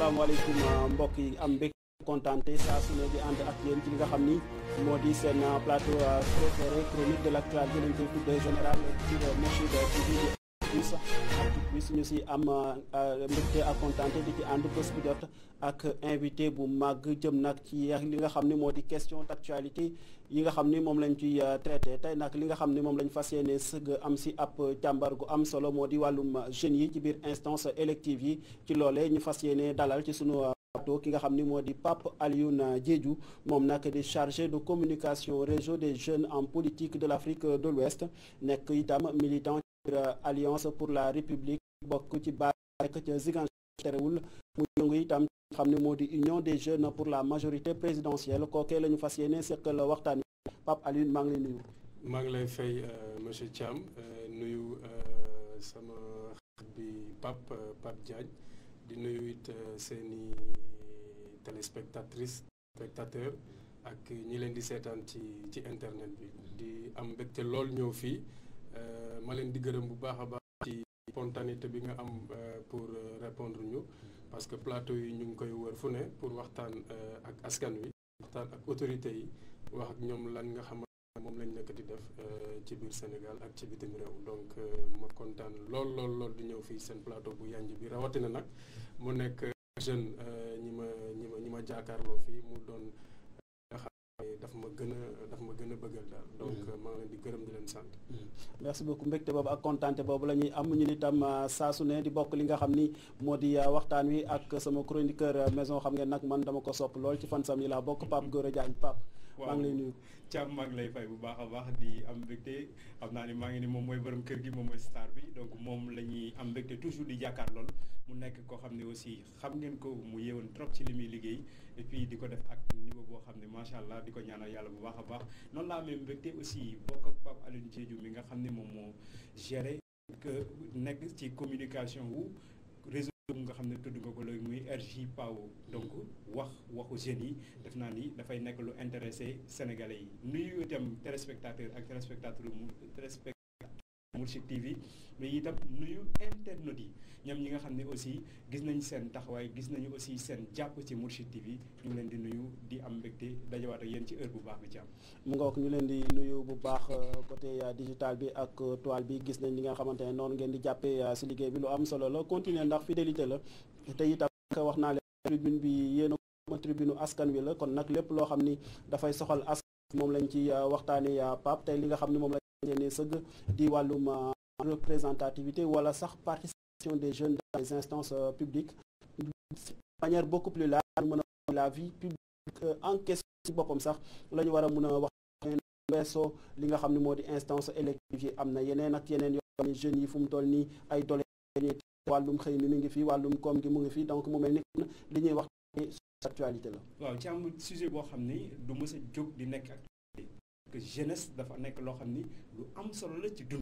asalaamaaleykum ah, mbokk yi am mbég contenté saa su ne di ànd ak yéen ci nga xam ni moo di seen ah, plateau ah, préféré chronique de l'actualité lañ koy tuddee général ci Mourchid euh, plus actu ñu si am euh, mbégte ak kontaan di ci ànd bés bu ak invité bu mag jëm nag ci li nga xam ne moo di question d'actualité yi nga xam ni moom lañ ciy euh, traité tey nag li nga xam ni moom lañ fas yéene sëgg am si ap càmbar am solo moo di wàllum jeunes yi ci biir instance élective yi ci loole ñu fas yéene dalal ci sunu plateau ki nga xam ni moo di Pape Alioune Diédhiou moom nag di chargé de communication réseau des jeunes en politique de l'Afrique de l'Ouest nekk itam militant alliance pour la république bokk ci baa nekk ca Ziguinchor terewul mu yëngu itam xam ne moo di union des jeunes pour la majorité présidentielle kookee la ñu fas yéene seqal waxtaan Pape Alioune maa ngi lay nuyu maa ngi lay fay euh, monsieur Thiam euh, nuyu euh, sama xarit bi Pape Pape Diagne di nuyu it seeni téléspectatrices spectateurs ak ñi leen di seetaan ci ci internet bi di am mbégte lool ñëw fii ma leen di gërëm bu baax a baax ci spontanéité bi nga am euh, pour euh, répondre ñu parce que plateau yi ñu ngi koy wër fu ne pour waxtaan euh, ak askan wi waxtaan ak autorité yi wax ak ñoom lan nga xam moom lañ nekk di def ci biir Sénégal ak ci bitim réew donc ma kontaan lool lool lool di ñëw fii seen plateau bu yanj bi rawatina nag mu nekk jeune ñi ma ñi ma ñi ma jàkkaarloo fii mu doon daf ma gën a daf ma gën a bëgga daal mm-hmm. donc euh, maa ngi leen di gërëm di leen sant mm-hmm. merci beaucoup mbégte boobu ak kontaante boobu la ñuy am ñu ni tam euh, saa su ne di bokk li nga xam ni moo di euh, waxtaan wi ak sama a maison xam ngeen nag man dama ko sopp lool ci fan sam yi la bokk góor a Diagne Pape maa ngi lay nuyu Thiam maa lay fay bu baax a baax di am mbégte xam naa ni maa ngi ni moom mooy borom kër gi moom mooy star bi donc moom la ñuy am mbégte toujours di jàkkaar lool mu nekk koo xam ne aussi xam ngeen ko mu yewoon trop ci li muy liggéey et puis di ko def ak niveau boo xam ne macha allah di ko ñaanal yàlla bu baax a baax noon laa amee mbégte aussi bokk ak Pape Alioune Diedhiou mi nga xam ne moom moo géré que nekk ci communication wu nga xam ne tudd nga ko léegi muy RJ PAO donc wax waxu jeunes yi def naa ni dafay nekk lu intéressé sénégalais yi nuyu itam téléspectateur ak téléspectateur mu Mourchid TV mais nuyu internautes yi ñoom ñi nga xam ne aussi gis nañ seen taxawaay gis nañu aussi seen jàpp ci Mourchid TV ñu leen di nuyu di am mbégte dajawaat ak yéen ci heure bu baax bi ci am mu nga wax ñu leen di nuyu bu baax euh, côté euh, digital bi ak euh, toile bi gis nañ li nga xamante ne noonu ngeen di jàppee si liggéey bi lu am solo la continuer ndax fidélité la te itam wax naa leen tribune bi yéen a tribune askan wi la kon nag lépp loo xam ni dafay soxal askan moom lañ ci waxtaane ne sëgg di wàllum euh, représentativité wala sax participation des jeunes dans les instances euh, publiques de manière beaucoup plus large mën a la vie publique euh, en ci boppam sax lañu ñu war a mën a wax weesoo li nga xam ne moo di instance élective yi am na yeneen ak yeneen yoo xam jeunes yi fu mu toll nii ay dole wàllum xëy mi ngi fi wàllum koom gi mu ngi fi donc mu mel ni li ñuy wax actualité la waaw ci boo xam ni du mës a jóg nekk que jeunesse dafa nekk loo xam ni lu am solo la ci dund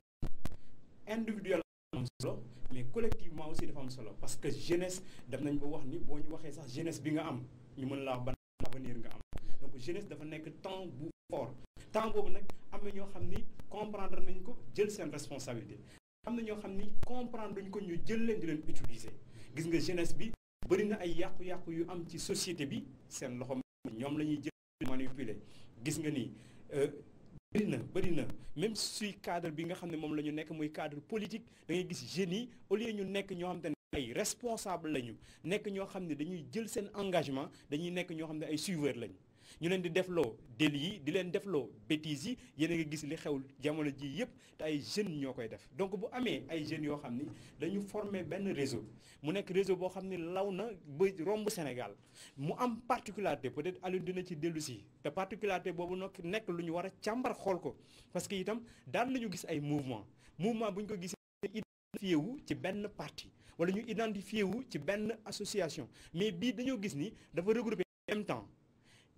individuel am solo mais collectivement aussi dafa am solo parce que jeunesse dem nañ ba wax ni boo ñu waxee sax jeunesse bi nga am ñu mën laa wax ban avenir nga am donc jeunesse dafa nekk temps bu fort temps boobu nag am na ñoo xam ni comprendre nañ ko jël seen responsabilité am na ñoo xam ni comprendre duñ ko ñu jël leen di leen utiliser gis nga jeunesse bi bëri na ay yàqu-yàqu yu am ci société bi seen loxo ñoom la ñuy jël Euh, bëri na bëri na même suy cadre bi nga xam ne moom la ñu nekk muy cadre politique da ngay gis jeunes yi au lieu ñu nekk ñoo xam te ne ay responsable lañu nekk ñoo xam ne dañuy jël seen engagement dañuy nekk ñoo xam ne ay suiveur lañu. ñu leen di defloo délit yi di leen defloo bêtises yi yéen a ngi gis li xew jamono ji yëpp te ay jeunes ñoo koy def donc bu amee ay jeunes yoo xam ni dañu former benn réseau mu nekk réseau boo xam ni law na ba romb Sénégal mu am particularité peut-être Aliou dina ci dellu te particularité boobu nag nekk lu ñu war a càmbar xool ko parce que itam daal la ñu gis ay mouvement mouvement bu ñu ko gisee identifié wu ci benn parti wala ñu identifié wu ci benn association mais bii dañoo gis ni dafa regroupé en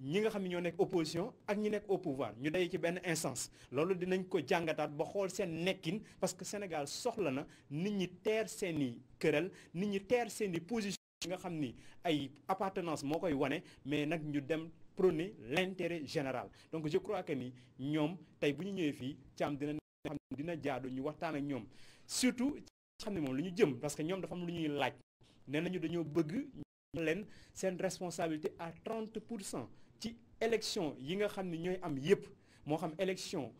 ñi nga xam ne ñoo nekk opposition ak ñi nekk au pouvoir ñu day ci benn instance loolu dinañ ko jàngataat ba xool seen nekkin parce que Sénégal soxla na nit ñi teer seen i këral nit ñi teer seen i position yi nga xam ni ay appartenance moo koy wane mais nag ñu dem prôner l'intérêt général donc je crois que ni ñoom tey bu ñu ñëwee fii Thiam dina xam dina jaadu ñu waxtaan ak ñoom surtout xam ne moom lu ñu jëm parce que ñoom dafa am lu ñuy laaj nee nañu dañoo bëgg leen seen responsabilité à 30 pour cent élection yi nga xam ne ñooy am yépp moo xam élection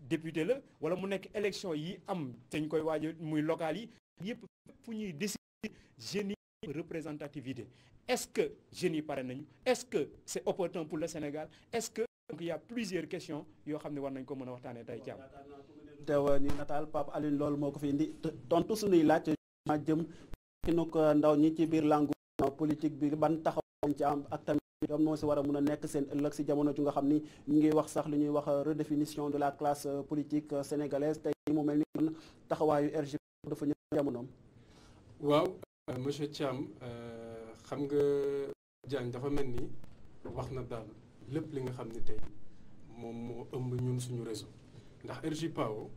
député la wala mu nekk élection yi am te ñu koy waaj muy local yi yépp fu ñuy décider jeunes yi représentativité est-ce que jeunes yi pare nañu est-ce que c'est opportun pour le Sénégal est-ce que donc il y a plusieurs questions yoo xam ne war nañ ko mën a waxtaanee tey jàmm. teew ñu nataal Pape Alioune loolu moo ko fi indi tontu suñuy laaj ma jëm ki nu ko ndaw ñi ci biir langue politique bi ban taxaw ci am ak ñoom ñoo si war a mun a nekk seen ëllëg si jamono ju nga xam ni mu ngi wax sax li ñuy wax euh, redéfinition de la classe euh, politique euh, sénégalaise tey mu mel ni kon taxawaayu RG dafa ñëw jamonoom. waaw monsieur Thiam xam nga Diagne dafa mel ni wax na daal lépp li nga xam ni tey moom moo ëmb ñun suñu réseau ndax RJPAO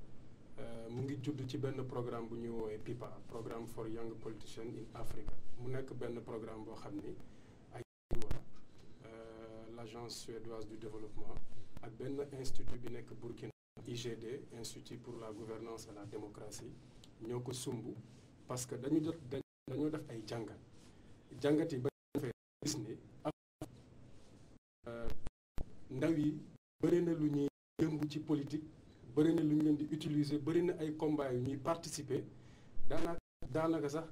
mu ngi judd ci benn programme bu ñuy woowee PIPA programme for young politicians in Africa mu nekk benn programme boo xam ni. l'agence suédoise du développement ak benn institut bi nekk Burkina IGD institut pour la gouvernance et la démocratie ñoo ko sumb parce que dañu def dañoo def ay jàngat jàngat yi ba fee gis ne euh, ndaw yi bëri na lu ñuy yëngu ci politique bëri na lu ñu leen di utiliser bëri na ay combat yu ñuy participer daanaka daanaka sax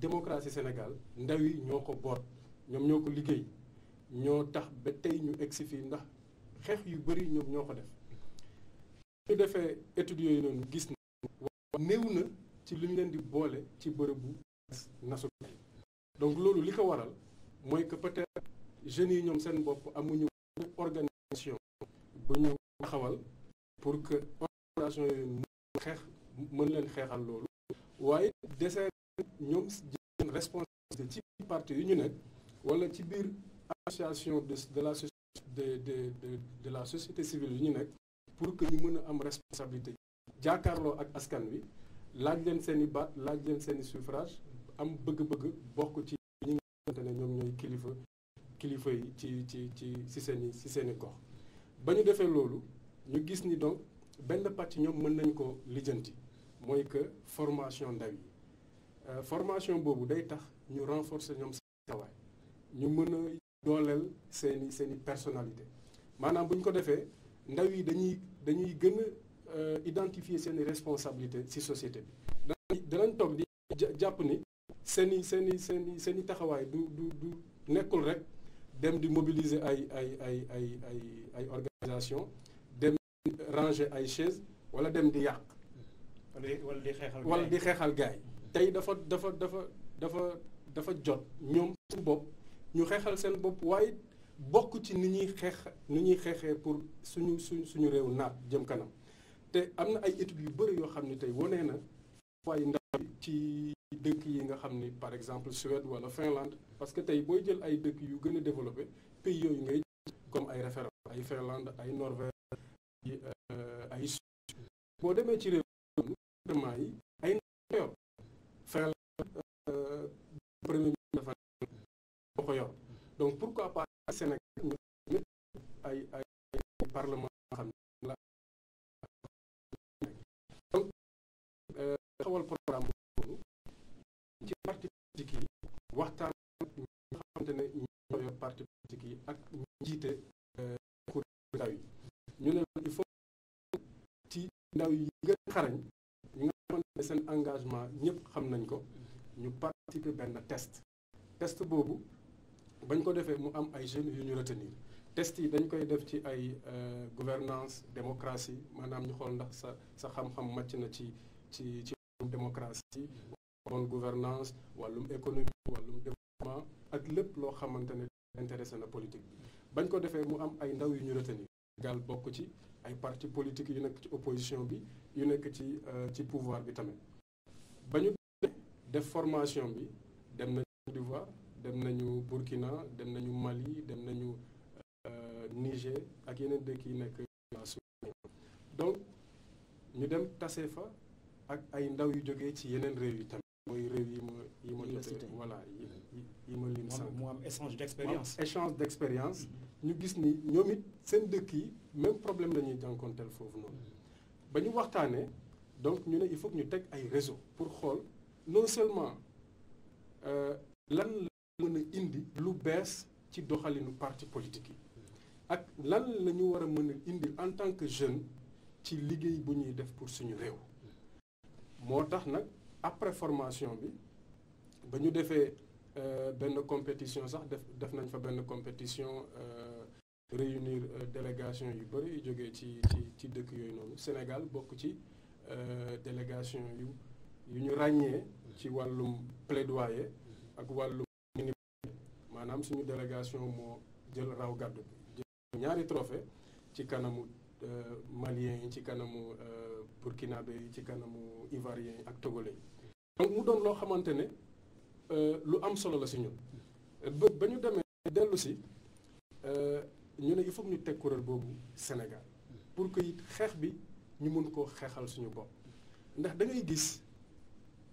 démocratie Sénégal ndaw yi ñoo ko boot ñoom ñoo ko liggéey ñoo tax ba tey ñu egsi fii ndax xeex yu bëri ñoom ñoo ko def ñu defee études yooyu noonu gis na néew na ci lu ñu leen di boole ci bërëbu nasu donc loolu li ko waral mooy que peut-être jeunes yi ñoom seen bopp amuñu organisation bu ñu taxawal pour que organisation yooyu xeex mën leen xeexal loolu waaye desee ñoom jël responsabilité ci parti yu ñu nekk wala ci biir association de de la de de de la société civile yu ñu nekk pour que ñu mën a am responsabilité jaakaarloo ak askan wi laaj leen seen baat laaj leen seen i suffrage am bëgg-bëgg bokk ci ñi nga xamante ne ñoom ñooy kilifa kilifa yi ci ci ci ci seen i ci seen i gox ba ñu defee loolu ñu gis ni donc benn pàcc ñoom mën nañ ko lijjanti mooy que formation ndaw yi euh, formation boobu day tax ñu renforcer ñoom seen taxawaay ñu mën dooleel seeni seeni personnalité maanaam bu ñu ko defee ndaw yi dañuy dañuy gën a euh, identifier seeni responsabilité ci société bi danañ toog di jàpp ni seeni seeni seeni seeni taxawaay du du du nekkul rek dem di mobiliser ay ay ay ay ay ay organisation dem ranger ay chaise wala dem di yàq wala di xeexal wala di xeexal gaay tey dafa dafa dafa dafa dafa jot ñoom suñu bopp ñu xeexal seen bopp waaye bokk ci ni ñuy xeex ni ñuy xeexee pour suñu suñ suñu réew naat jëm kanam te am na ay études yu bëri yoo xam ne tey wane na waaye ndaw ci dëkk yi nga xam ni par exemple Suède wala Finlande parce que tey booy jël ay dëkk yu gën a développé pays yooyu ngay comme ay référence ay Finlande ay Norvège euh, ay Suède boo demee ci réew yi ay ndaw yor Finlande euh, premier moo ko yor donc pourquoi pas Sénégal ñu euh, xawal programme boobu ci parti euh, ndaw yi ñu ne il faut ci ndaw yi gën xarañ ñi nga xamante seen engagement ñëpp xam nañ ko ñu participer benn test test boobu bañ ko defee mu am ay jeunes yu ñu retenir test yi dañ koy def ci ay euh, gouvernance démocratie maanaam ñu xool ndax sa sa xam-xam màcc na ci ci ci wàllum démocratie bonne gouvernance wàllum économie wàllum développement ak lépp loo xamante ne intéressé na politique bi bañ ko defee mu am ay ndaw yu ñu retenir Sénégal bokk ci ay parti politique yu nekk ci opposition bi yu nekk ci euh, ci pouvoir bi tamit ba def formation bi dem na d'Ivoire dem nañu Burkina dem nañu Mali dem nañu euh, Niger ak yeneen dëkk yi nekk donc ñu dem tase fa ak ay ndaw yu jóge ci yeneen réew yi tamit mooy réew yi ma yi ma jotee voilà yi ma lim sànq mu am échange d'expérience échange d'expérience ñu gis ni ñoom it seen dëkk yi même problème la ñuy jànkonteel foofu noonu ba ñu waxtaanee donc ñu ne il faut ñu teg ay réseau pour xool non seulement euh, lan mën indi lu bees ci doxalinu parti politique yi ak lan la ñu war a mën a indi en tant que jeune ci liggéey bu ñuy def pour suñu réew moo tax nag après formation bi ba ñu defee euh, benn compétition sax def def nañ fa benn compétition euh, réunir euh, délégation yu bëri jógee ci ci ci dëkk yooyu noonu Sénégal bokk ci délégation yu yu ñu ràññee ci wàllum plaidoyer ak wàllum am suñu délégation moo jël raw gàddu bi ñaari trophée ci kanamu euh, malien yi ci kanamu euh, burkinabé yi ci kanamu ivoirien yi ak togolais yi mu doon loo xamante ne euh, lu am solo la si ñun ba ba ñu demee dellu ñu ne il faut ñu teg kuréel boobu Sénégal pour que it xeex bi ñu mun koo xeexal suñu bopp ndax da ngay gis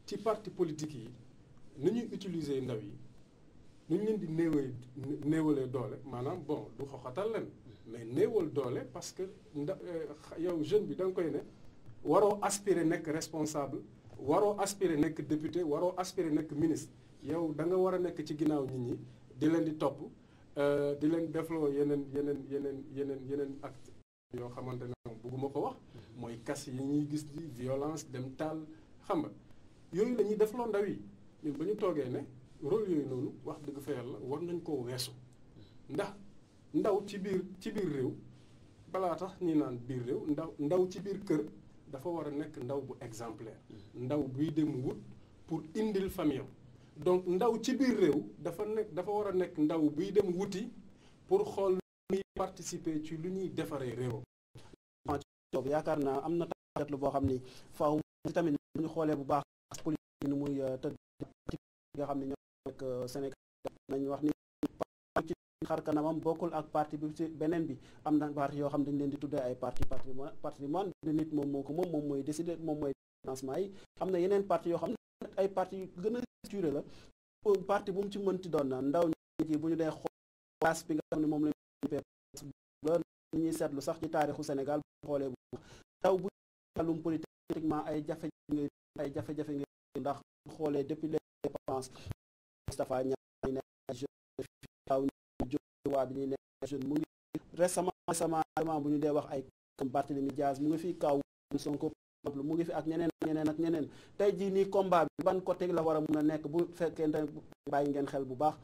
ci parti politique yi ni ñuy utiliser ndaw yi nu ñu leen di néewee néewalee doole maanaam bon du xoxatal leen mais néewal doole parce que ndax euh, yow jeune bi da nga koy ne waroo aspirer nekk responsable waroo aspirer nekk député waroo aspirer nekk ministre yow da nga war a nekk ci ginnaaw nit ñi di leen di topp euh, di leen defloo yeneen yeneen yeneen yeneen yeneen acte yoo xamante ne bëgguma ko wax mooy kas yi ñuy gis di violence dem taal xam nga yooyu la ñuy defloo ndaw yi ñun ba ñu toogee ne rôle yooyu noonu wax dëgg fa yàlla war nañ koo weesu ndax ndaw ci biir ci biir réew balaa tax ñi naan biir réew ndaw ndaw ci biir kër dafa war a nekk ndaw bu exemplaire ndaw buy dem wut pour indil famille donc ndaw ci biir réew dafa nekk dafa war a nekk ndaw buy dem wuti pour xool muy participer ci lu ñuy defaree réewam yaakaar naa am na tàggatlu boo xam ni faaw tamit bu ñu xoolee bu baax politique ni muy euh, tëdd nga xam ne ak euh, Sénégal nañ wax ni parti ci xar kanamam bokkul ak parti bi ci beneen bi am na parti yoo xam dañ leen di tuddee ay parti patrimoine patrimoine nit moom moo ko moom moom mooy moom mooy financement yi am na yeneen parti yoo xam ne ay parti yu gën a structuré la parti bu mu ci mënti doon na ndaw ñi ji bu ñu dee xoolaas bi nga xam ne moom la ñu ñuy seetlu sax ci taarixu Sénégal bu xoolee bu ndaw bu wàllum politiquement ay jafe-jafe ngay ay jafe-jafe ngay ndax xoolee depuis les dépenses Moustapha Niass ñu ne jeune mu ngi récemment récemment bu ñu dee wax ay comme Barthélemy Diaz mu ngi fi kaw Sonko exemple mu ngi fi ak ñeneen ñeneen ak ñeneen tey jii nii combat bi ban côté la war a mun a nekk bu fekkee ne bàyyi ngeen xel bu baax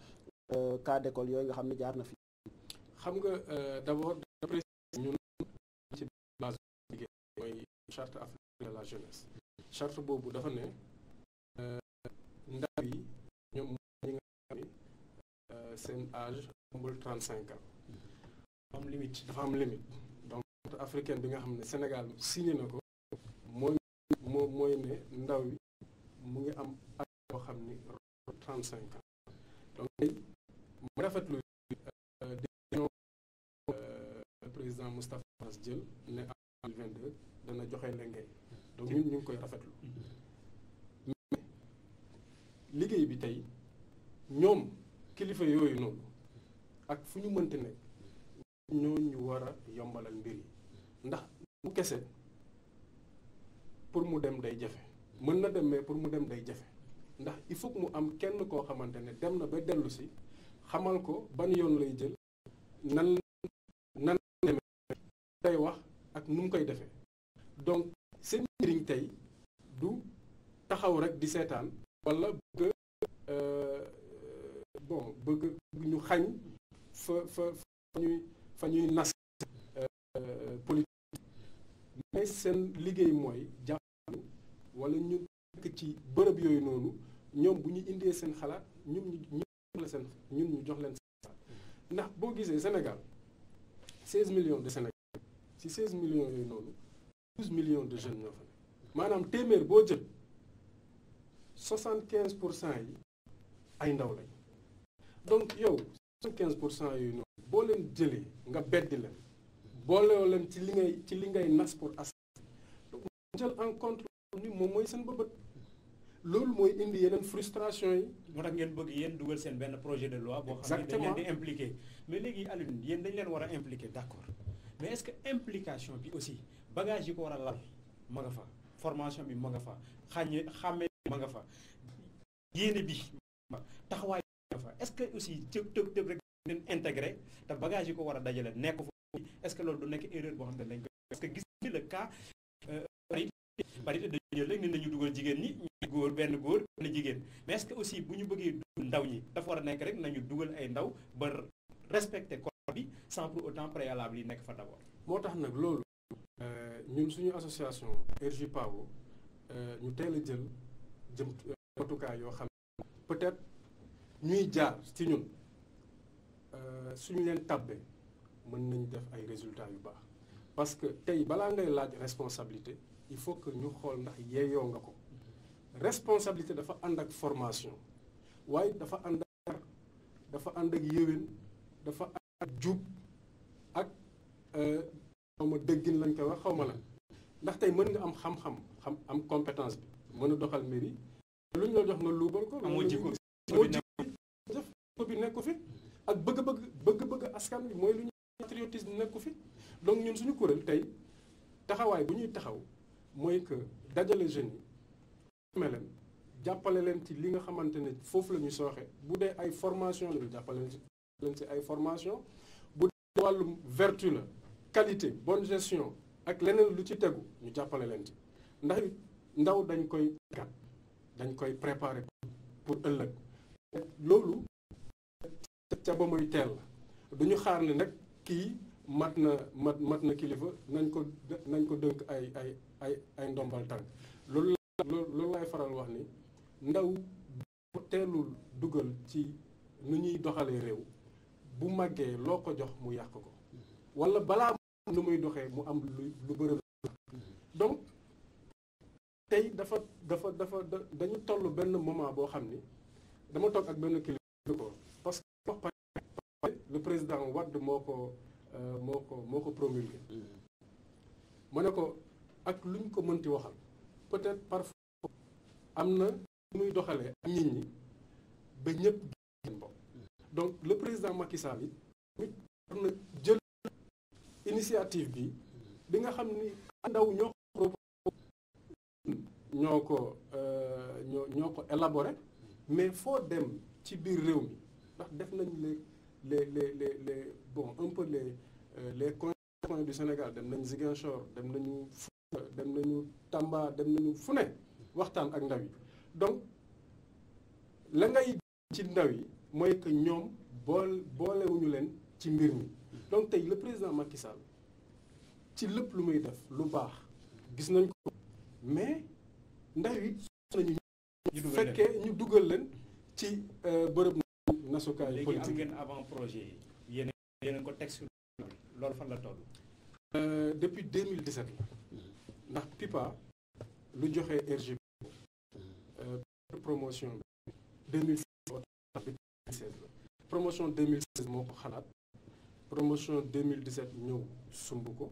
euh, cas d'école yooyu nga xam ne jaar na fi. xam nga euh, d'abord de préciser ñun charte africaine de la jeunesse charte boobu dafa ne euh, ndaw yi ñoom Euh, seen âge amul trente cinq ans dafa am limite dafa am limite donc africain bi nga xam ne Sénégal signé na ko mooy moom mooy ne ndaw yi mu ngi am at boo xam ni trente cinq ans donc mu rafetlu euh, décision euh, président Moustapha Niasse jël ne en deux mille dana joxe lengay donc ñu ngi koy rafetlu mais liggéey bi tey ñoom kilifa yooyu noonu ak fu ñu mënti nekk ñoo ñu war a yombalal mbir yi ndax bu kese pour mu dem day jafe mën na dem pour mu dem day jafe ndax il faut mu am kenn koo xamante ne dem na ba dellusi xamal ko ban yoon lay jël nan nan tey wax ak nu mu koy defee donc seen njëriñ tey du taxaw rek di seetaan wala bëgg euh, bon bëgg ñu xañ fa fa fa ñuy fa nas euh, politique mais seen liggéey mooy jàpp wala ñu nekk ci bërëb yooyu noonu ñoom bu ñu indee seen xalaat ñun ñu jox ñun ñu jox leen seen ndax boo gisee Sénégal 16 millions de Sénégalais ci 16 millions yooyu noonu 12 million de jeunes ñoo fa nekk maanaam téeméer boo jël quinze pour cent yi ay ndaw lañ. donc yow soixante pour cent yooyu noonu boo leen jëlee nga beddi leen boolewoo leen ci li ngay ci li ngay nas pour as donc jël en compte ni moom mooy seen bët loolu mooy indi yeneen frustration yi. moo tax ngeen bëgg yéen dugal seen benn projet de loi. boo xam ne dañ leen di impliqué. mais léegi Alioune yéen dañ leen war a impliqué d' accord mais est ce que implication bi aussi bagage yi ko war a lal ma nga fa formation bi ma nga fa xàññe xàmmee ma nga fa yéene bi taxawaay fa est-ce que aussi tëb tëb tëb rek intégré te bagage yi ko war a dajale nekk fa est-ce que loolu du nekk erreur boo xam ne lañ ko parce que gis ni le cas euh, parité dañu jël rek ni nañu dugal jigéen ñi ñu góor benn góor benn jigéen mais est-ce que aussi bu ñu bëggee dugal ndaw ñi dafa war a nekk rek nañu dugal ay ndaw ba respecter corps bi sans pour autant préalable yi nekk fa d'abord moo tax nag loolu euh, ñun suñu association RG PAO euh, ñu teel a jël jëm matukaay yoo xam peut ñuy jaar ci ñun euh, suñu leen tabbee mën nañ def ay résultats yu baax parce que tey balaa ngay laaj responsabilité il faut que ñu xool ndax yeeyoo nga ko responsabilité dafa ànd ak formation waaye dafa ànd ak dafa ànd ak yéwén dafa ànd ak jub ak euh, xaw ma dëggin lañ koy wax xaw ma lan ndax tey mën nga am xam-xam am compétence bi mën a doxal mairie lu ñu jox nga luubal ko. amoo jikko bi nekku fi ak bëgg-bëgg bëgg-bëgg askan bi mooy lu nekku fi donc ñun suñu kuréel tey taxawaay bu ñuy taxaw mooy que dajale jeunes yi leen jàppale leen ci li nga xamante ne foofu la ñu sooxe bu dee ay formation la ñu jàppale leen ci ay formation bu dee wàllum vertu la qualité bonne gestion ak leneen lu ci tegu ñu jàppale leen ci ndax ndaw dañ koy gat dañ koy préparer pour ëllëg loolu ca ba muy teel la duñu xaar ne nag kii mat na mat mat na kilifa nañ ko nañ ko dënk ay ay ay ay ndombal tànk loolu laay faral wax ni ndaw bu teelul dugal ci nu ñuy doxalee réew bu màggee loo ko jox mu yàq ko wala balaa muy doxee mu am lu lu bëri donc tey dafa dafa dafa dañu tollu benn moment boo xam ni dama toog ak benn kilifa le président Wade moo ko euh, moo ko moo ko promulgué ma ne ko ak lu ñu ko mënti waxal peut-être parfois am na lu muy doxalee ak nit ñi ba ñëpp seen donc le président Macky Sall yi na jël initiative bi bi nga xam ni ndaw ñoo ko ñoo ko euh, ñoo ko élaboré mais foo dem ci biir réew mi ndax def nañ léegi les les les les bon un peu les euh, les coins du Sénégal dem nañ Ziguinchor dem nañu Fouta dem nañu Tamba dem nañu fu ne waxtaan ak ndaw yi donc la ngay ci ndaw yi mooy que ñoom bool boolewuñu leen ci mbir mi donc tey le président Macky ci lépp lu muy def lu baax gis nañ ko mais ndaw yi nañu fekkee ñu dugal leen ci euh, bërëb nasukaayu politique léegi am ngeen avant projet yi yéen yéen ko teg sur loolu fan la toll. Euh, depuis 2017 ndax PIPA lu joxe RGP euh, promotion bi 2016 la promotion 2016 moo ko xalaat promotion 2017 ñëw sumb ko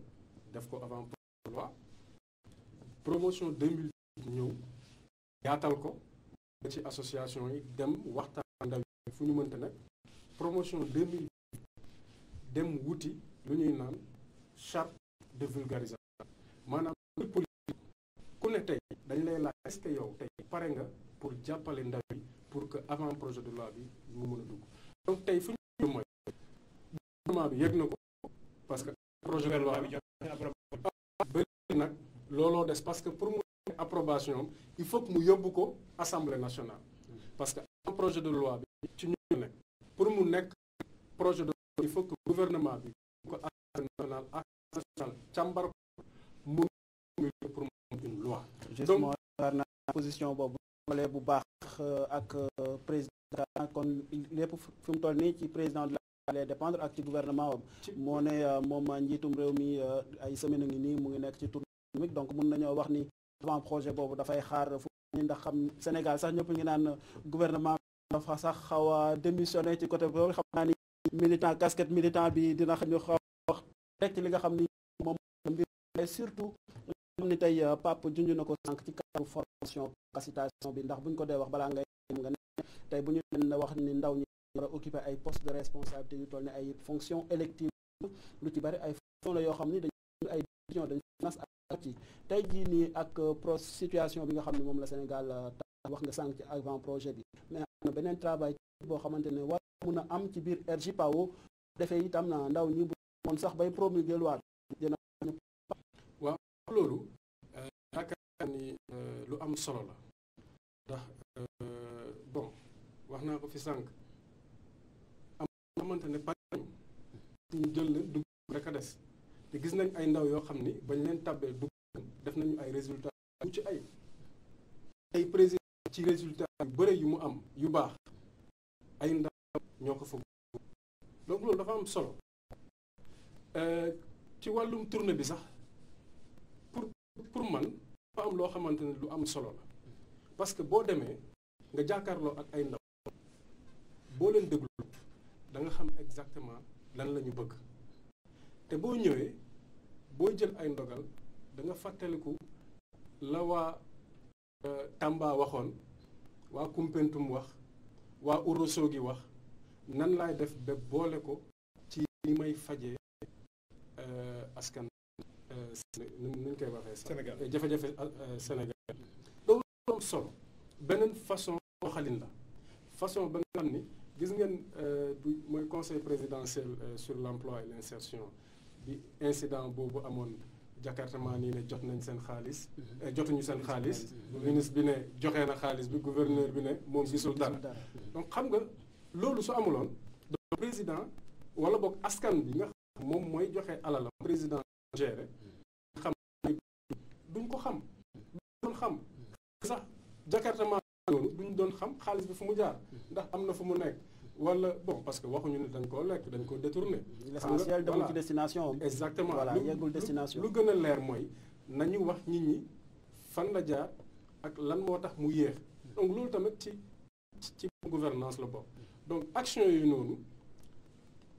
def ko avant loi promotion 2018 ñëw yaatal ko ci association yi dem waxtaan fu ñu mënte nag promotion 2000 dem wuti lu ñuy naan charte de vulgarisation maanaam muy ku ne tey dañ lay laaj est-ce que yow tey pare nga pour jàppale ndaw pour que avant projet de loi bi mu mën a dugg donc tey fu ñu mooy gouvernement bi yëg na ko parce que projet de loi bi bëri nag looloo des parce que pour mu approbation il faut mu yóbbu ko assemblée nationale parce que projet de loi bi ci ñu nekk pour mu nekk projet de loi bi ko assemblée nationale ak nationale càmbar na position boobu xoolee bu baax euh, ak euh, président kon lépp fi mu toll nii ci président de la lay dépendre ak ci gouvernement wam moo ne euh, moom njiitum réew mi ay semaine a ngi nii mu ngi nekk ci tournée économique donc mun nañoo wax ni avant projet boobu dafay xaar fu ndax xam Sénégal sax ñëpp ngi naan gouvernement dafa sax xaw a démissionné ci côté boobu xam naa ni militant casquette militant bi dina xam ñu xaw wax rek li nga xam ni moom mbir mais surtout xam ni tey euh, Pape junj na ko sànq ci cadre formation capacitation bi ndax buñ ko dee wax balaa ngay nga ne tey bu ñu leen wax ni ndaw ñi war a occuper ay poste de responsabilité yu toll ne ay fonction élective lu ci bari ay fonction la yoo xam ni dañu ay décision dañu nas ak ci tey jii nii ak euh, pro situation bi nga xam ni moom la Sénégal euh, wax nga sànq ci avant projet bi na beneen travail boo xamante ne war mun a am ci biir RJPAO defee itam na ndaw ñi bu moon sax bay promulguer loi dina waaw loolu euh, yaakaar ni euh, lu am solo la ndax euh, bon wax naa ko fi sànq am xamante ne pare ñu jël leen dugg rek des te gis nañ ay ndaw yoo xam ne bañ leen tàbbee dugg def nañu ay résultats bu ci ay ay président ci résultat yu bëri yu mu am yu baax ay ndaw ñoo ko fa donc loolu dafa am solo euh, ci wàllum turne bi sax pour pour man dafa am loo xamante ne lu am solo la parce que boo demee nga jàkkaarloo ak ay ndaw boo leen déglu da nga xam exactement lan la ñu bëgg te boo ñëwee boo jël ay ndogal da nga fàttaliku Euh, Tamba waxoon waa Kumpentum wax waa gi wax nan laay def ba boole ko ci li may fajee euh, askan euh, nuñ koy waxee Sénégal jafe-jafe Sénégal beneen façon waxalin la façon ba nga xam ni gis ngeen du mooy conseil présidentiel sur l'emploi et l'insertion bi incident boobu amoon jakartamaan nii ne jot nañ seen xaalis mhm. eh, jotuñu seen xaalis ministre bi ne joxee na xaalis bi gouverneur bi ne moom gisul dara donc xam nga loolu su amuloon donc président wala boog askan bi nga xam moom mooy joxe alalam président géré xam duñ ko xam duñ doon xam mhm. sax jakartamaan noonu duñ doon xam xaalis bi fu mu jaar mhm. ndax am na fu mu nekk wala bon parce que waxuñu ne dañ koo lekk dañ koo détourné. l'essentiel demul ci destination exactement voilà yeggul destination lu gën a leer mooy nañu wax nit ñi fan la jaar ak lan moo tax mu yéex donc loolu tamit ci ci gouvernance la bokk donc action yooyu noonu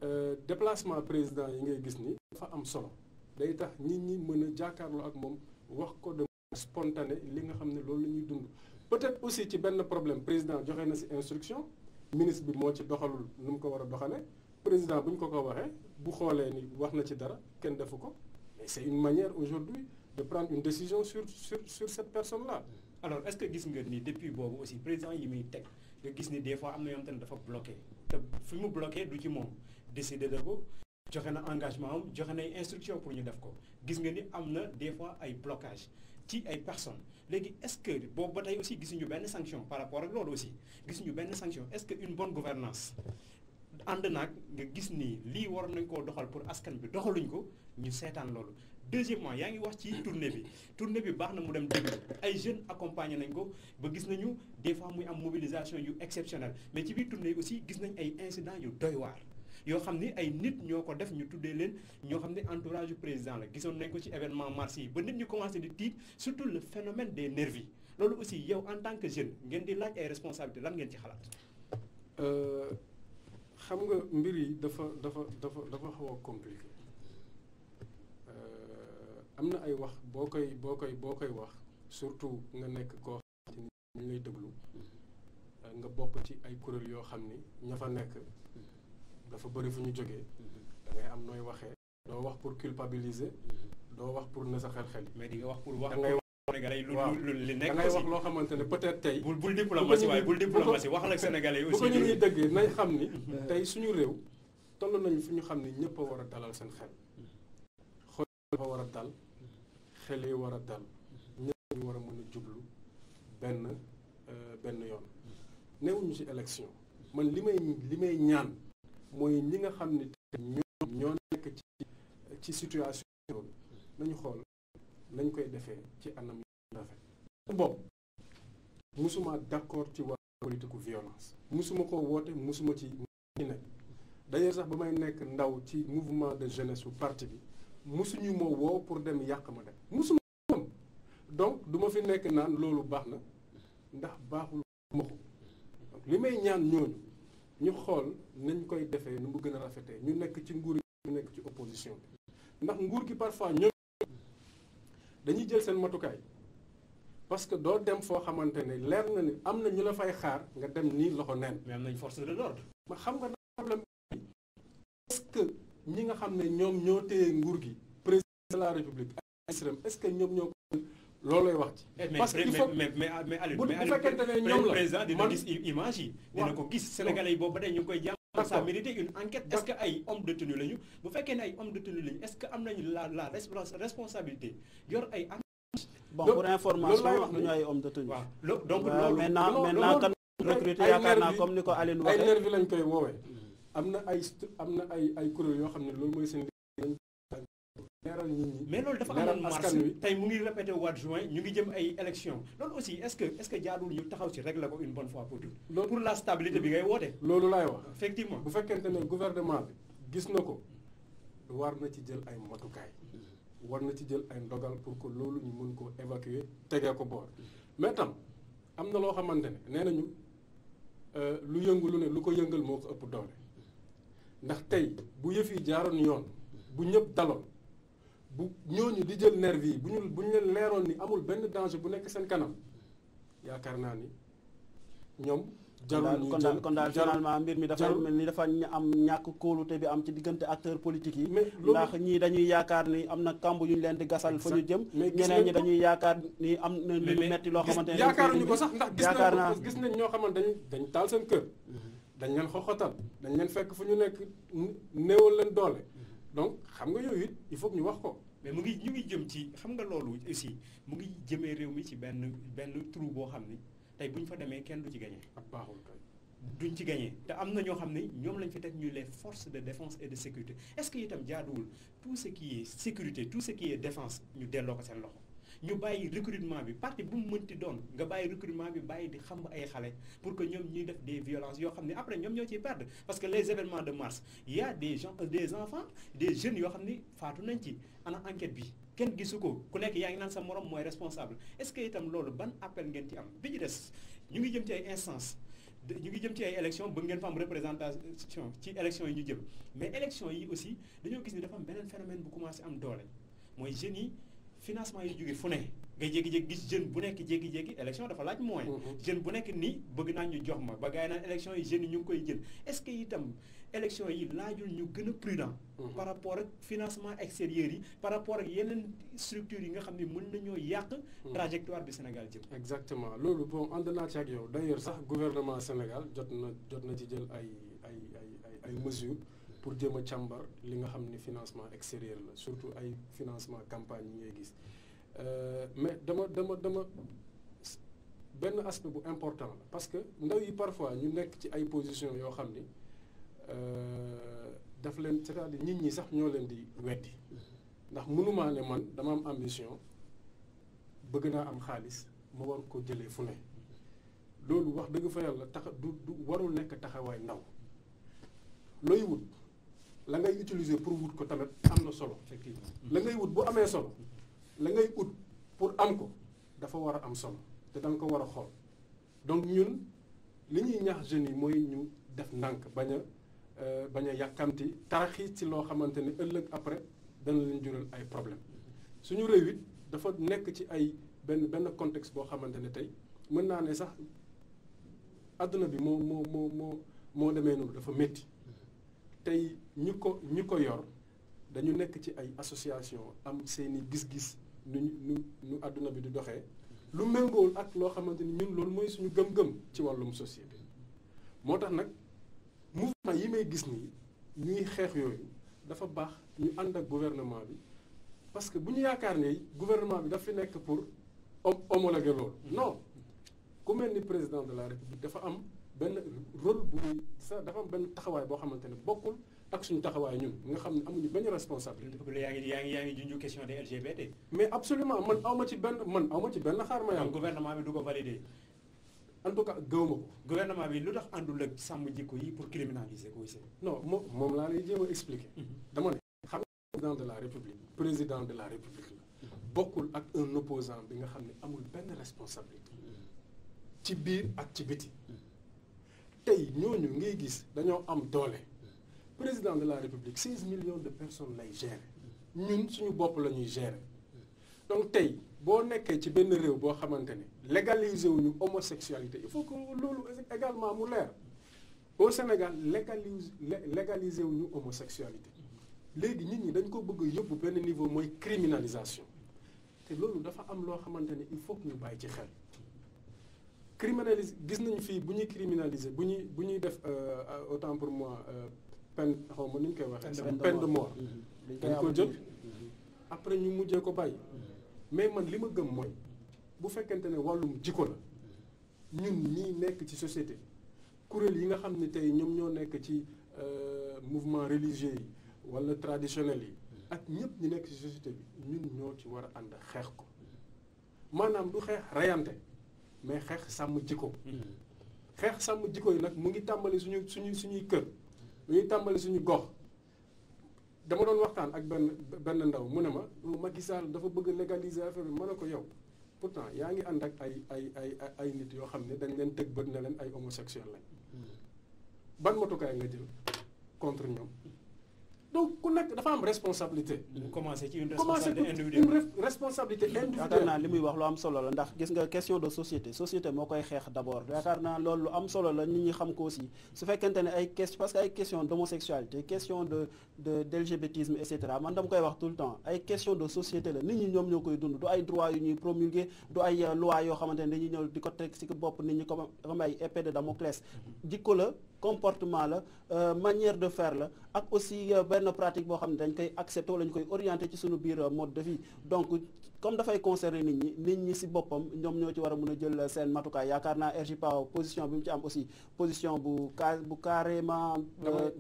euh, déplacement président yi ngay gis ni dafa am solo day tax nit ñi mën a jàkkaarloo ak moom wax ko de spontané li nga xam ne loolu la ñuy dund peut-être aussi ci benn problème président joxe na si instruction ministre bi moo ci doxalul nu mu ko war a doxale président bu ñu ko ko waxee bu xoolee ni wax na ci dara kenn defu ko mais c'est une manière aujourd'hui de prendre une décision sur sur sur cette personne là alors est-ce que gis nga ni depuis boobu aussi président yi muy teg nga gis ni des fois am na yoo xam te ne dafa bloqué te fi mu bloqué du ci moom décidé da ko joxe na engagement am joxe na instruction pour ñu def ko gis nga ni am na des fois ay blocage ci ay personnes léegi est-ce que boobu ba tey aussi gisuñu benn sanction par rapport ak loolu aussi gisuñu benn sanction est-ce que une bonne gouvernance ànd naag nga gis nii lii war nañ koo doxal pour askan bi doxaluñ ko ñu seetaan loolu deuxièmement yaa ngi wax ci tournée bi tournée bi baax na mu dem déglu ay jeunes accompagné nañ ko ba gis nañu des fois muy am mobilisation yu exceptionnelle mais ci biir tournée yi aussi gis nañ ay incident yu doy waar yoo xam ni ay nit ñoo ko def ñu tuddee leen ñoo xam ne entourage président la gisoon nañ ko ci événement mars yi ba nit ñu commencé di tiit surtout le phénomène des nervis loolu aussi yow en tant que jeune ngeen di laaj ay responsabilité lan ngeen ci xalaat euh, xam nga mbir yi dafa dafa dafa dafa xaw a compliqué euh, am na ay wax boo koy boo koy boo koy wax surtout nga nekk koo xam ni ñu lay déglu mm-hmm. nga bokk ci ay kuréel yoo xam ni ña fa nekk mm-hmm. dafa bëri fu ñu jógee da am nooy waxee doo wax pour culpabiliser doo wax pour ne sa xel-xel mais di nga wax pour wax da ngay wax sénégalais yi lu li nekk da wax loo xamante ne peut-être tey bul bul diplomatie waaye bul diplomatie wax nag sénégalais yi aussi bu ko ñu ñuy dëggee nañ xam ni mm-hmm. Mm-hmm. tey suñu réew toll nañ fu ñu xam ni ñëpp a war a dalal seen xel xool dafa war a dal xel war a dal mm-hmm. ñëpp war a mën a jublu benn euh, benn yoon newuñu ci élection man li may li may ñaan mooy ñi nga xam ne ñoom ñoo nekk ci ci situation lañu xool nañ koy defee ci anam yu rafet boobu musuma d'accord ci waa politique violence mosuma ko woote mosuma ci ci nekk d'ailleurs sax ba may nekk ndaw ci mouvement de jeunesse su parti bi musuñu ma woo pour dem yàq ma dem musuma am donc du ma fi nekk naan loolu baax na ndax baaxul ma li may ñaan ñooñu ñu xool nañ koy defee nu mu gën a rafetee ñu nekk ci nguur yi ñu nekk ci opposition ndax nguur gi parfois ñoom dañuy jël seen matukaay parce que doo dem foo xamante ne leer na ni am na ñu la fay xaar nga dem ni loxo neen. mais nañ force de l'ordre. ma xam nga problème bi que ñi nga xam ne ñoom ñoo téye nguur gi président de la république ak est-ce que ñoom ñoo loolu lay wax ci. parce que il faut mais mais mais Aliou bu fekkente ne ñoom la président dina gis image yi. dina ko gis sénégalais yi boobu ba ñu koy jàpp. ça une enquête est-ce ay homme de tenue lañu bu fekkee ay homme de tenue lañu est-ce que am nañu la la responsabilité yor ay. bon pour information wax nañu ay homme de tenue. donc euh, loolu na ay na ay yoo xam ne loolu mais loolu dafa amoon mars tey mu ngi répété waat juin ñu ngi jëm ay élection loolu aussi est que est-ce que jaadul ñu taxaw ci régler ko une bonne fois pour tout pour la stabilité bi ngay woote loolu laay wax bu fekkente ne gouvernement bi gis na ko war na ci jël ay matukaay war na ci jël ay ndogal pour ko loolu ñu mën ko évacuer tegee ko boor mais tam am na loo xamante ne nee nañu euh, lu yëngulu lu ne lu ko yëngal moo ko ëpp doole ndax tey bu yëf yi jaaroon yoon bu ñëpp daloon bu ñooñu di jël nervi yi bu ñu bu ñu leen leeroon ni amul benn danger bu nekk seen kanam yaakaar naa ni ñoom. jarul ñu jël kon daal mbir mi dafa mel ni dafa am ñàkk kóolute bi am ci diggante acteur politiques yi. ndax ñii dañuy yaakaar ni am na kamb yu ñu leen di gasal fa ñu jëm. mais ñeneen ñi dañuy yaakaar ni am na lu metti loo xamante ne. ñu ko sax ndax gis nañ gis nañ ñoo xamante dañ dañ taal seen kër. dañ leen xoxotal dañ leen fekk fu ñu nekk néewal leen doole mm-hmm. donc xam nga yooyu it il faut ñu wax ko mais mu ngi ñu ngi jëm ci xam nga loolu aussi mu ngi jëmee réew mi ci benn benn trou boo xam ni tey bu ñu fa demee kenn du ci gañee ak baaxul kay duñ ci gañee te am na ñoo xam ne ñoom lañ fi teg ñu les force de défense et de sécurité est-ce que itam jaaduwul tout ce qui sécurité tout ce kii est ñu delloo ko seen loxo ñu bàyyi recrutement bi parti bu mu mënti doon nga bàyyi recrutement bi bàyyi di xam ay xale pour que ñoom ñuy def des violences yoo xam ne après ñoom ñoo ciy perdre parce que les événements de mars y a des gens euh, des enfants des yoo xam ni faatu nañ ci ana enquête bi kenn gisu ko ku nekk yaa ngi naan sa morom mooy responsable est-ce que itam loolu ban appel ngeen ci am bi ñu des ñu ngi jëm ci ay instances ñu ngi jëm ci ay élections bëgg ngeen fa am représentation ci élections yi ñu jëm mais élections yi aussi dañoo gis ni dafa am bu commencé am doole mooy jeunes yi. financement yi jóge fu ne nga jékki-jékki gis jeune bu nekk jékki-jékki élection dafa laaj moyen mm-hmm. jeune bu nekk nii bëgg naa ñu jox ma ba gars yi naan élection yi jeunes ñu ngi koy jël est-ce que itam élection yi laajul ñu gën mm-hmm. par rapport ak financement extérieur yi par rapport ak yeneen structures yi nga xam ne mën nañoo yàq mm-hmm. trajectoire bi Sénégal jëm exactement loolu bon ànd naa ci ak yow d'ailleurs sax gouvernement Sénégal jot na jot na ci jël ay ay ay ay ay mesures pour jëm a càmbar li nga xam ni financement extérieur la surtout ay financement campagne yi ngay gis euh, mais dama dama dama benn aspect bu important la parce que ndaw yi parfois ñu nekk ci ay position yoo xam ni euh, daf leen c'est-à-dire nit ñi sax ñoo leen di weddi ndax mënumaa ne man dama am ambition bëgg naa am xaalis ma war ko jëlee fu ne loolu wax dëgg fa yàlla tax du du warul nekk taxawaay ndaw looy wut la ngay utiliser pour wut ko tamit am na solo effectivement la ngay wut bu amee solo la ngay ut pour am ko dafa war a am solo te da nga ko war a xool donc ñun li ñuy ñax jeunes yi mooy ñu def ndànk bañ a euh, bañ a yàkkamti taraxi ci loo xamante ne ëllëg après dana leen jural ay problème suñu réew it dafa nekk ci ay benn benn contexte boo xamante ne tey mën naa ne sax àdduna bi moo moo moo moo moo demee noonu dafa métti tey ñu ko ñi ko yor dañu nekk ci ay association am seeni gis-gis nu nu àdduna bi di doxee lu méngool ak loo xamante ni ñun loolu mooy suñu gëm-gëm ci wàllum société moo tax nag mouvement yi may gis nii ñuy xeex yooyu dafa baax ñu ànd ak gouvernement bi parce que bu ñu yaakaar ne gouvernement bi dafa fi nekk pour homologuer loolu non ku mel ni président de la république dafa am benn rôle bu ñuy sa dafa benn taxawaay boo xamante ni bokkul ak suñu taxawaay ñun nga xam ne amuñu benn responsabilité. yaa ngi yaa ngi yaa ngi junj question des LGBT. mais absolument man awma ci benn man awma ci benn xaar ma yàlla. gouvernement bi du ko validé. en tout cas gëwuma ko. gouvernement bi lu tax àndul ak sàmm jikko yi pour criminaliser koo aussi. non moom moom laa lay jéem expliquer. Mhm. dama ne xam nga président de la république. président de la république la. bokkul ak un opposant bi nga xam ne amul benn responsabilité. Mhm. biir ak ci biti. Mhm. tey ñooñu ngay gis dañoo am doole président de la république 16 million de personnes lay gérer ñun suñu bopp la ñuy gérer donc tey boo nekkee ci benn réew boo xamante ne légaliser wuñu homosexualité il faut que loolu également mu leer au Sénégal légalise légaliser wuñu homosexualité léegi nit ñi dañ ko bëgg a yóbbu benn niveau mooy criminalisation te loolu dafa am loo xamante ne il faut que ñu bàyyi ci xel. criminalise gis nañ fii bu ñuy criminaliser bu ñuy bu ñuy def euh, euh, autant pour moi euh, pen xaw ma nu ñu koy waxee. peine de mort mhm. dañ ko jël mhm. après ñu mujjee ko bàyyi mhm. mais man li ma gëm mooy bu fekkente ne wàllum jikko la ñun ñii nekk ci société kuréel yi nga xam ni tey ñoom ñoo nekk ci mouvement religieux yi wala traditionnel yi ak ñëpp ñi nekk ci société bi ñun ñoo ci war a ànd xeex ko maanaam du xeex reyante mais xeex sàmm jikko xeex sàmm jikko yi nag mu ngi tàmbali suñu suñu suñuy kër mu ngi tàmbali suñu gox dama doon waxtaan ak benn benn ndaw mu ne ma oh, Macky Sall dafa bëgg légaliser affaire bi ma ne ko yow pour pourtant yaa ngi ànd ak ay ay ay ay nit yoo xam ne dañ leen tëg bët na leen ay homosexuel lañ hmm. ban matukaay nga jël contre ñoom donc ku nekk dafa am responsabilité. commencé ci une responsabilité individuelle une responsabilité individuelle. yaakaar naa li muy wax lu am solo la ndax gis nga question de société société moo koy xeex d' abord yaakaar naa loolu lu am solo la nit ñi xam ko aussi su fekkente ne ay question parce que ay question d' homosexualité question de de d' lgbtisme et cetera man dama koy wax tout le temps ay question de société la nit ñi ñoom ñoo koy dund du ay droit yu ñuy promulguer du ay euh, loi yoo xamante ne dañuy ñëw di ko teg si bopp nit ñi comme comme ay épée de Damoclès jikko la. comportement la euh, manière de faire la ak aussi euh, benn pratique boo xam ne dañ koy accepté wala ñu koy orienté ci suñu biir euh, mode de vie donc comme dafay concerner nit ñi nit ñi si boppam ñoom ñoo ci war a mun a jël seen matukaay yaakaar naa RGPA position bi mu ci am aussi position bu ca bu carrément.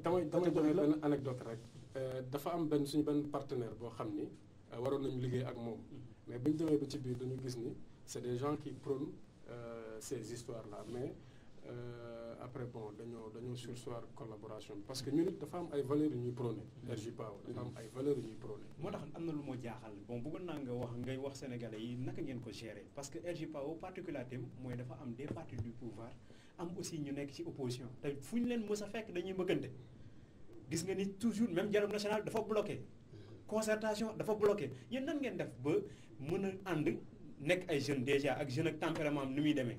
damay damay joxe benn anecdote rek dafa am benn suñu benn partenaire boo xam ni waroon nañu liggéey ak moom mais bu ñu demee ba ci biir dañu gis ni c'est des gens qui prônent ces histoires après bon dañoo dañoo sursoir collaboration parce que ñun it dafa am ay valeurs yu ñuy prôné RJPAO dafa am ay valeurs yu ñuy prôné moo tax am na lu moo jaaxal bon bëggoon naa nga wax ngay wax sénégalais yi naka ngeen ko gérer parce que RJPAO particularité mooy dafa am des partis du pouvoir am aussi ñu nekk ci opposition te fu ñu leen mës a fekk dañuy mbëkkante gis nga ni toujours même dialogue national dafa bloqué concertation dafa bloqué yéen nan ngeen def ba mën a ànd nekk ay jeunes déjà ak jeune ak tempérament muy demee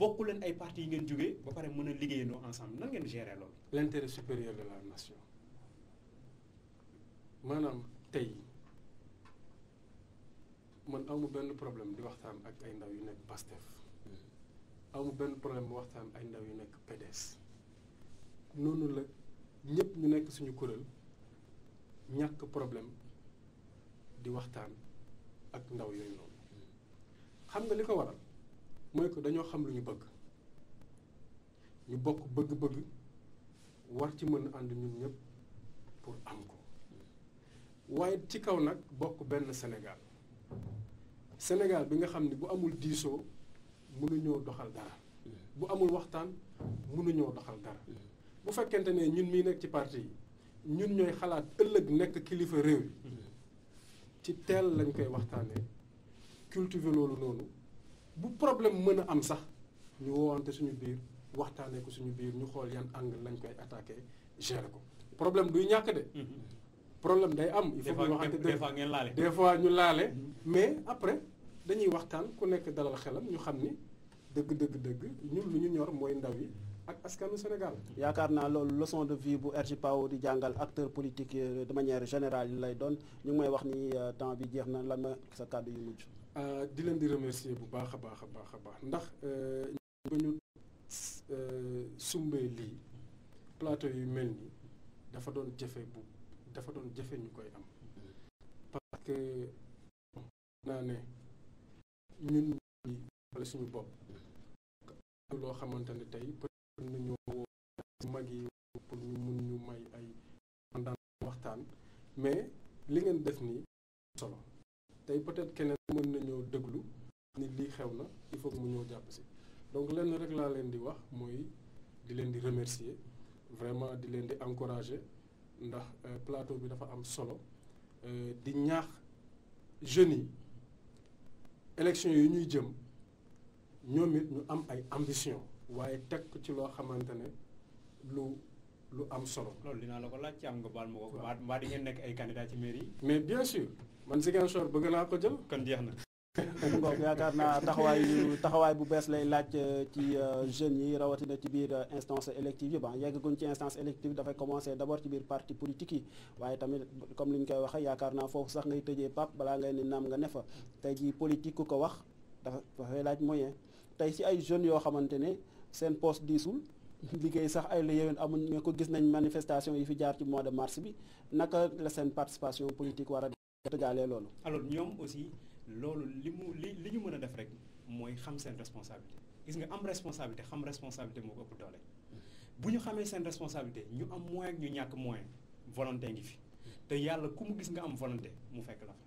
bokku leen ay parti yi ngeen jógee ba pare mun a liggéeyandoo ensemble nan ngeen gérer loolu. l'intérêt supérieur de la nation maanaam tey man amu benn problème di waxtaan ak ay ndaw yu nekk PASTEF amu benn problème waxtaan ay ndaw yu nekk PDS noonu la ñëpp ñu nekk suñu kuréel ñàkk problème di waxtaan ak ndaw yooyu noonu xam nga li ko waral. mooy que dañoo xam lu ñu bëgg ñu bokk bëgg-bëgg war ci mën ànd ñun ñëpp pour am ko waaye ci kaw nag bokk benn Sénégal senegal bi nga xam ni bu amul diisoo mënuñoo doxal dara bu amul waxtaan mënuñoo doxal dara bu fekkente ne ñun miy nekk ci parti yi ñun ñooy xalaat ëllëg nekk kilifa réew yi ci teel lañ koy waxtaanee cultiver loolu noonu bu problème mën a am sax ñu woowante suñu biir waxtaanee ko suñu biir ñu xool yan angle lañ koy attaqué gérer ko problème duy ñàkk de. Mhm. problème day am. il faut ñu des fois ngeen laale. des fois ñu laale mhm. mais après dañuy waxtaan ku nekk dalal xelam ñu xam ni dëgg dëgg dëgg ñun lu ñu ñor mooy ndaw yi. ak askanu Sénégal. yaakaar naa loolu leçon de vie bu RGPAO di jàngal acteur politique de manière générale lay doon ñu mooy wax ni euh, temps bi jeex na lan ma sa kàddu yu mujj. Euh, di leen di remercier bu baax a baax a baax a baax ndax euh, ba ñu euh, sumbee lii plateau yu mel nii dafa doon jafe bu dafa doon jafe ñu koy am parce que naa ne ñun ñi suñu bopp loo xamante ne tey peut nañoo woo mag yi pour ñu mun ñu may ay waxtaan mais li ngeen def nii tey peut-être keneen mën na ñëw déglu ni lii xew na il faut mu ñëw jàpp si donc lenn rek laa leen di wax mooy di leen di remercier vraiment di leen di encourager ndax euh, plateau bi dafa am solo euh, di ñaax jeunes yi élection yi ñuy jëm ñoom it ñu am ay ambition waaye teg ko ci loo xamante ne lu lu am solo. loolu dinaa la ko laaj ci am nga baal ma ko. mbaa di ngeen nekk ay candidats ci mairie mais bien sûr. man Ziguinchor bëgg naa ko jël kon jeex na. kon yaakaar naa taxawaay taxawaay bu bees lay laaj euh, ci euh, jeunes yi rawatina ci biir euh, instance élective yi bon yeggaguñ ci instance élective dafay commencer d'abord ci biir parti politique yi waaye tamit comme li ñu koy waxee yaakaar naa foofu sax ngay tëjee pap balaa ngay ne naam nga ne fa tey jii politique ku ko wax dafa dafay laaj moyen tey si ay jeunes yoo xamante ne seen poste diisul. liggéey sax ay la yéwén amuñ nga ko gis nañ manifestation yi fi jaar ci mois de mars bi naka la seen participation politique war a tëjaalee loolu. alors ñoom aussi loolu li mu li li ñu mën a def rek mooy xam seen responsabilité gis nga am responsabilité xam responsabilité moo ko ëpp doole bu ñu xamee seen responsabilité ñu am moyen ñu ñàkk moyen volonté ngi fi te yàlla ku mu gis nga am volonté mu fekk la fa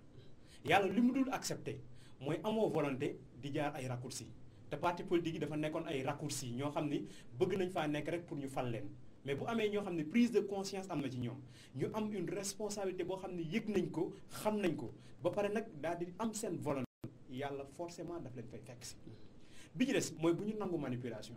yàlla li mu dul accepté mooy amoo volonté di jaar ay raccourci te parti politique yi dafa nekkoon ay raccourci ñoo xam ni bëgg nañ faa nekk rek pour ñu fal leen. mais bu amee ñoo xam ne prise de conscience am na ci ñoom ñu am une responsabilité boo xam ne yëg nañ ko xam nañ ko ba pare nag daal di am seen volonté yàlla forcément daf leen fay fekk si bi ci des mooy bu ñu nangu manipulation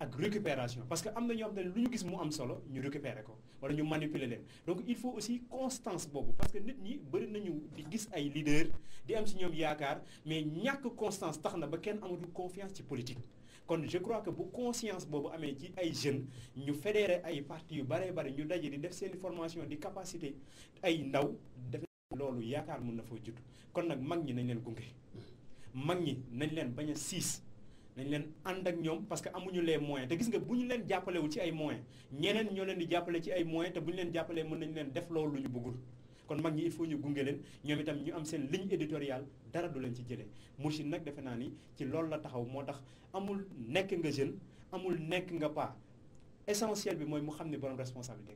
ak récupération parce que am na ñoo xam ne lu ñu gis mu am solo ñu récupérer ko wala ñu manipuler leen donc il faut aussi constance boobu parce que nit ñi bëri nañu di gis ay leader di am si ñoom yaakaar mais ñàkk constance tax na ba kenn amatul confiance ci politique kon je crois que bu conscience boobu amee ci ay jeunes ñu fédéré ay parti yu bare bari ñu daje di def seen formation di capacité ay ndaw def loolu yaakaar mun na foo judd kon nag mag ñi nañ leen gunge mag ñi nañ leen bañ a siis nañ leen ànd ak ñoom parce que amuñu les moyens te gis nga bu ñu leen jàppalewul ci ay moyens ñeneen ñoo leen di jàppale ci ay moyens te bu ñu leen jàppalee mën nañ leen def loolu lu ñu bëggul kon mag ñi il faut ñu gunge leen ñoom itam ñu am seen ligne éditoriale dara du leen ci jëlee Mourchid nag defe naa ni ci loolu la taxaw moo tax amul nekk nga jeune amul nekk nga pas essentiel bi mooy mu xam ne borom responsabilité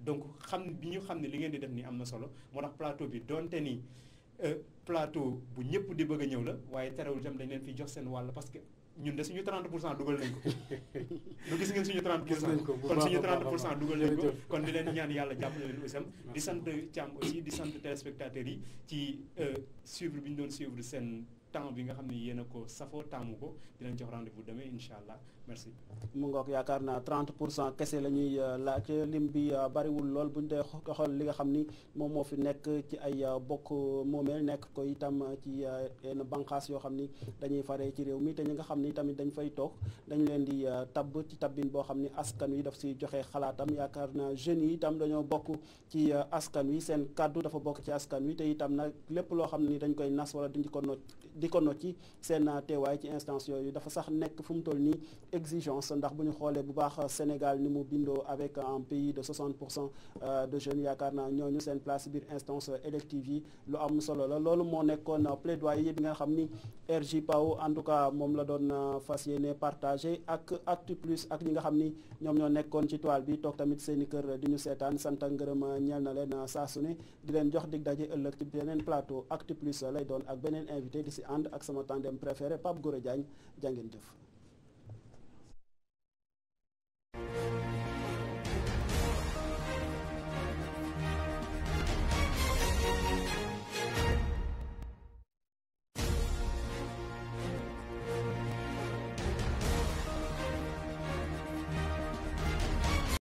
donc xam bi ñu xam ne li ngeen di def nii am na solo moo tax plateau bi doonte ni euh, plateau bu ñëpp di bëgg a ñëw la waaye terewul itam dañ leen fi jox seen wàll parce que ñun de suñu 30 pour cent dugal nañ ko lu gis ngeen suñu 30 pour cent kon suñu 30 pour cent dugal nañ ko kon di leen ñaan yàlla jàppale leen usam di sant Thiam aussi di sant téléspectateurs yi ci euh, suivre bi ñu doon suivre seen temps bi nga xam ne yéen ko safoo taamu ko dinañ jox rendez-vous demain incha allah merci. mu ngoog yaakaar naa 30 pour cent kese la ñuy euh, laaj lim bi euh, bariwul lool bu buñ dee xool li nga xam ni moom moo fi nekk ci ay euh, bokk moomeel nekk ko itam ci yenn banqaas yoo xam ni dañuy fare ci réew mi te ñi nga xam ni tamit dañ fay toog dañ leen di tab ci tabbin boo xam ni askan wi daf si joxe xalaatam yaakaar na jeunes yi itam dañoo bokk ci askan wi seen kàddu dafa bokk ci askan wi te itam nag lépp loo xam ni dañ koy nas wala duñ ko nocc di ko not ci seen ah, teewaay ci instance yooyu dafa sax nekk fu mu toll nii exigence ndax bu ñu xoolee bu baax ah, Sénégal ni mu bindoo avec ah, un pays de pour cent de jeune yaakaar naa ñooñu seen place biir instance élective yi lu am solo la loolu moo nekkoon plaidoyer bi nga xam ni paw en tout cas moom la doon fas yéene partagé ak Actu Plus ak ñi nga xam ni ñoom ñoo nekkoon ci toile bi toog tamit seen i kër di ñu seetaan sant ak ngërëm ñeel na leen saa su di leen jox dig daje ëllëg ci beneen plateau lay doon ak beneen invité di si ànd ak sama tandem préféré Pape goro Diagne jàngeen jëf